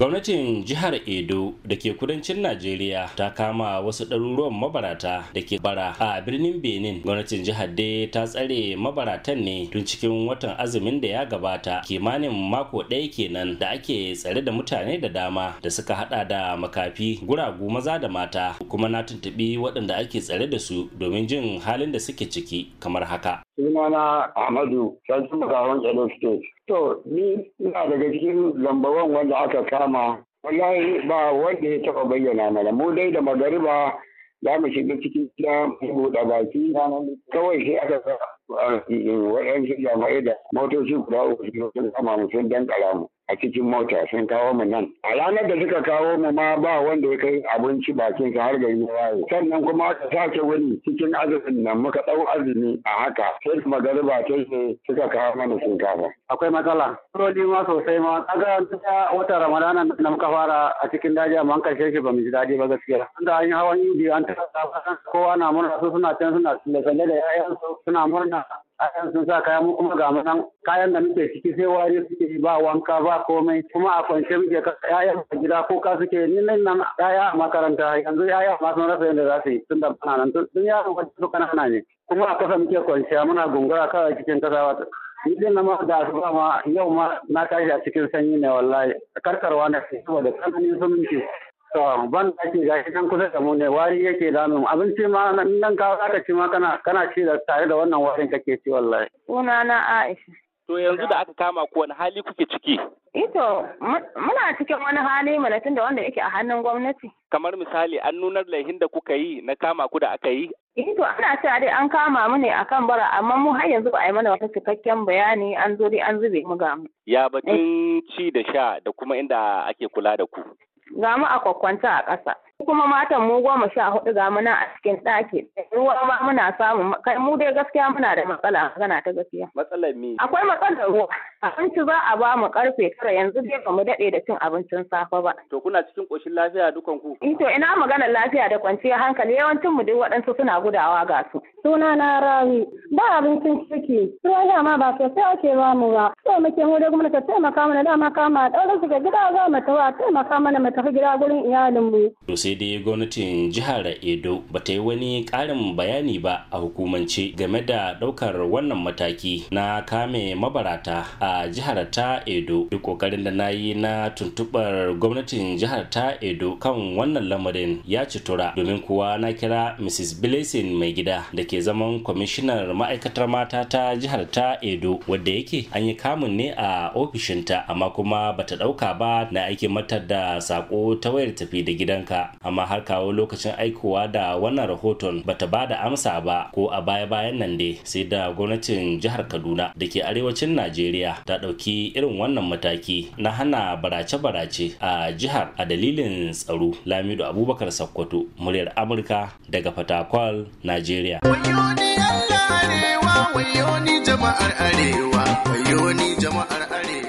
gwamnatin jihar edo da ke kudancin najeriya ta kama wasu ɗaruruwan mabarata da ke bara a birnin benin gwamnatin jihar dai ta tsare mabaratan ne tun cikin watan azumin da ya gabata kimanin mako ɗaya kenan da ake tsare da mutane da dama da suka hada da makafi guragu maza da mata kuma na tuntuɓi waɗanda ake tsare da su domin jin halin da suke ciki kamar haka sunana ahmadu edo state to ni ina daga cikin lambawan wanda aka kama dama wallahi ba wanda ya taɓa bayyana mana mu dai da magariba za mu shiga cikin gida mu buɗe baki kawai sai aka Mm, waɗansu jami'ai da motoci guda uku sun kama mu sun dankala mu a cikin mota sun kawo mu nan a ranar da suka kawo mu ma ba wanda ya kai abinci bakin sa har gari ya waye sannan kuma aka sake wani cikin azumin nan muka ɗau azumi a haka sai kuma garba ta yi suka kawo mana shinkafa akwai matsala roli ma sosai ma kaga wata ramadana da muka fara a cikin daji amma an karshe shi ba mu ji daji ba gaskiya da an yi hawan biyu an ta kowa na murna su suna can suna tsalle da 'ya'yansu suna murna sa ayan sun sa kayan mu kuma ga mu kayan da muke ciki sai wari suke yi ba wanka ba komai kuma a kwance muke ka yayan a gida ko ka suke ni nan nan yaya a makaranta yanzu yaya ma sun rasa yadda za su yi tun da bana nan tun yaron kwanci su kanana ne kuma a kasa muke kwanciya muna gungura kawai cikin kasa ni din na ma da su ma yau ma na tashi a cikin sanyi ne wallahi karkarwa na saboda tsananin sun muke ban daki ga shi kusa da mu ne wari yake mu, abinci ma nan ka zaka ci ma kana kana ci da tare da wannan warin kake ci wallahi suna na Aisha to yanzu da aka kama ku wani hali kuke ciki ito eh muna cikin wani hali mana tunda wanda yake a hannun gwamnati kamar misali an nunar laihin da kuka yi na kama ku da aka yi ito eh ana cewa dai an kama mu ne akan bara amma mu har yanzu ba a yi mana wata cikakken bayani an zo dai an zube mu ga mu ya batun ci da sha da kuma inda ake kula da ku ga mu a kwakwanta a ƙasa kuma matan mu goma sha hudu ga muna a cikin ɗaki ruwa ma muna samu kai mu dai gaskiya muna da matsala magana ta gaskiya matsalar me akwai matsalar ruwa abinci za a ba mu karfe tara yanzu dai ba mu daɗe da cin abincin safe ba to kuna cikin ƙoshin lafiya dukan ku to ina maganar lafiya da kwanciyar hankali yawancin mu duk waɗansu suna gudawa ga su suna na rawi ba abincin ciki ruwan ma ba sosai ake ba mu ba so muke mu da gwamnati ta taimaka mana dama kama ɗaure su ga gida za mu tawa taimaka mana mu tafi gida gurin iyalinmu. to sai dai gwamnatin jihar edo ba ta yi wani ƙarin bayani ba a hukumance game da ɗaukar wannan mataki na kame mabarata a jihar ta edo duk ƙoƙarin da na yi na tuntuɓar gwamnatin jihar ta edo kan wannan lamarin ya ci tura domin kuwa na kira mrs blessing mai gida da ke zaman kwamishinan ma'aikatar mata ta jihar ta edo wadda yake an yi kamun ne a ofishinta amma kuma bata dauka ba na aiki mata da sako ta wayar tafi da gidanka amma har kawo lokacin aikowa da wannan rahoton bata ba da amsa ba ko a baya bayan nan dai sai da gwamnatin jihar kaduna da ke arewacin najeriya ta dauki irin wannan mataki na hana barace-barace a jihar a dalilin tsaro lamido abubakar sakkwato muryar amurka daga fatakwal najeriya Wayoni Allah arewa, wayoni jama'ar arewa, wayoni jama'ar arewa.